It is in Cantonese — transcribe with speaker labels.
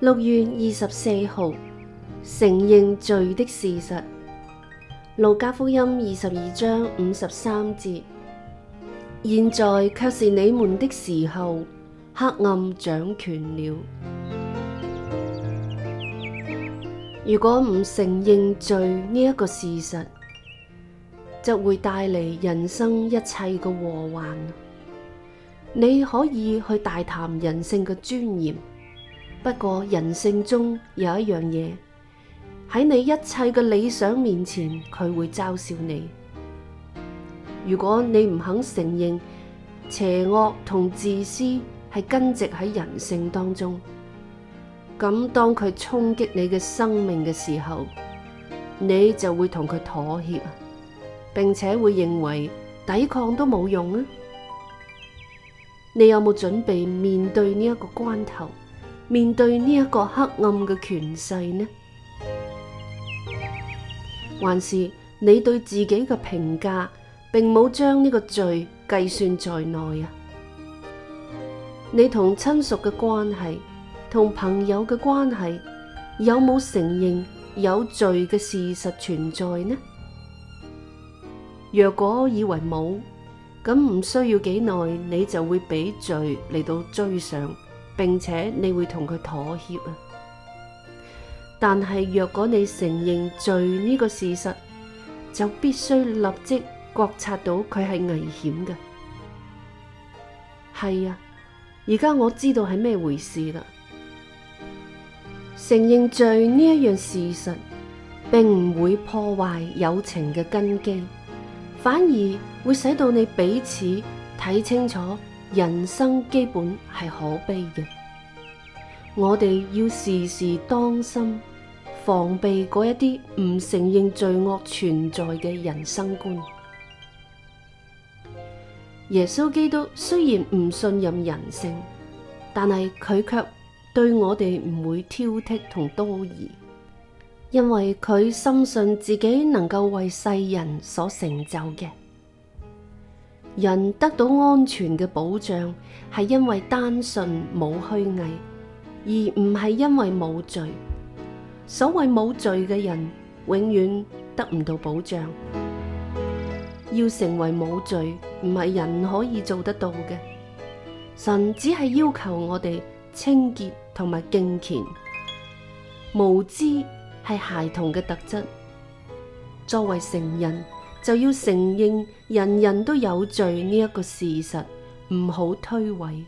Speaker 1: 六月二十四號，承認罪的事實。路加福音二十二章五十三節，現在卻是你們的時候，黑暗掌權了。如果唔承認罪呢一個事實，就會帶嚟人生一切嘅禍患。你可以去大談人性嘅尊嚴。不過人性中有一樣嘢，喺你一切嘅理想面前，佢會嘲笑你。如果你唔肯承認邪惡同自私係根植喺人性當中，咁當佢衝擊你嘅生命嘅時候，你就會同佢妥協，並且會認為抵抗都冇用啊！你有冇準備面對呢一個關頭？面對呢一個黑暗嘅權勢呢，還是你對自己嘅評價並冇將呢個罪計算在內啊？你同親屬嘅關係，同朋友嘅關係，有冇承認有罪嘅事實存在呢？若果以為冇，咁唔需要幾耐，你就會俾罪嚟到追上。並且你會同佢妥協啊！但係若果你承認罪呢個事實，就必須立即覺察到佢係危險嘅。係啊，而家我知道係咩回事啦！承認罪呢一樣事實，並唔會破壞友情嘅根基，反而會使到你彼此睇清楚。人生基本係可悲嘅，我哋要事事當心，防備嗰一啲唔承認罪惡存在嘅人生觀。耶穌基督雖然唔信任人性，但係佢卻對我哋唔會挑剔同多疑，因為佢深信自己能夠為世人所成就嘅。人得到安全嘅保障，係因為單純冇虛偽，而唔係因為冇罪。所謂冇罪嘅人，永遠得唔到保障。要成為冇罪，唔係人可以做得到嘅。神只係要求我哋清潔同埋敬虔。無知係孩童嘅特質，作為成人。就要承認人人都有罪呢個事實，唔好推諉。